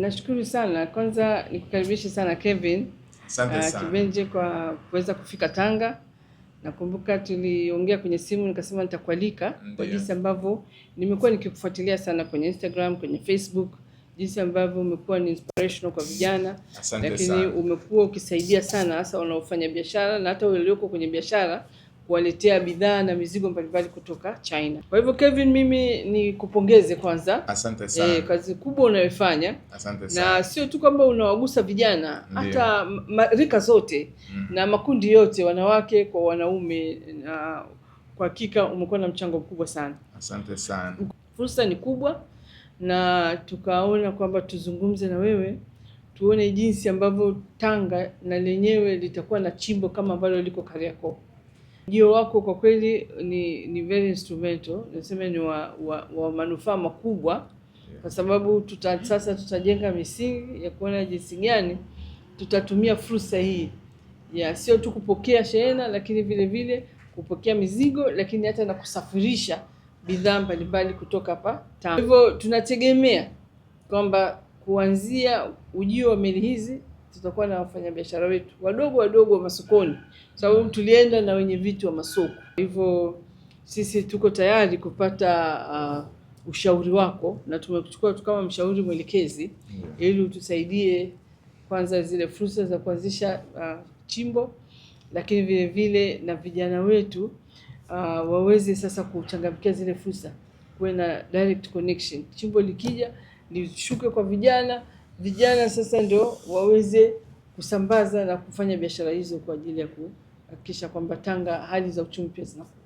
Nashukuru sana kwanza, nikukaribishe sana Kevin. Ah, sana. Kibenje kwa kuweza kufika Tanga. Nakumbuka tuliongea kwenye simu nikasema nitakualika kwa jinsi ambavyo nimekuwa nikikufuatilia sana kwenye Instagram, kwenye Facebook, jinsi ambavyo umekuwa ni inspirational kwa vijana. lakini Umekuwa ukisaidia sana hasa wanaofanya biashara na hata walioko kwenye biashara kuwaletea bidhaa na mizigo mbalimbali kutoka China. Kwa hivyo Kevin, mimi ni kupongeze kwanza. Asante eh, sana. E, kazi kubwa unayofanya Asante sana. Na sio tu kwamba unawagusa vijana, hata rika zote mm, na makundi yote, wanawake kwa wanaume, na kwa hakika umekuwa na mchango mkubwa sana. Asante sana. Fursa ni kubwa na tukaona kwamba tuzungumze na wewe tuone jinsi ambavyo Tanga na lenyewe litakuwa na chimbo kama ambalo liko Kariakoo. Ujio wako kwa kweli ni ni very instrumental, niseme ni wa, wa, wa manufaa makubwa, kwa sababu tuta, sasa tutajenga misingi ya kuona jinsi gani tutatumia fursa hii ya sio tu kupokea shehena, lakini vile vile kupokea mizigo, lakini hata na kusafirisha bidhaa mbalimbali kutoka hapa Tanga. Hivyo tunategemea kwamba kuanzia ujio wa meli hizi tutakuwa na wafanyabiashara wetu wadogo wadogo wa masokoni, sababu tulienda na wenye viti wa masoko. Hivyo sisi tuko tayari kupata uh, ushauri wako na tumekuchukua tu kama mshauri mwelekezi ili utusaidie kwanza zile fursa za kuanzisha uh, chimbo, lakini vile vile na vijana wetu uh, waweze sasa kuchangamkia zile fursa, kuwe na direct connection. Chimbo likija lishuke kwa vijana vijana sasa ndio waweze kusambaza na kufanya biashara hizo kwa ajili ya kuhakikisha kwamba Tanga hali za uchumi pia zinakuwa